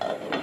Hmm.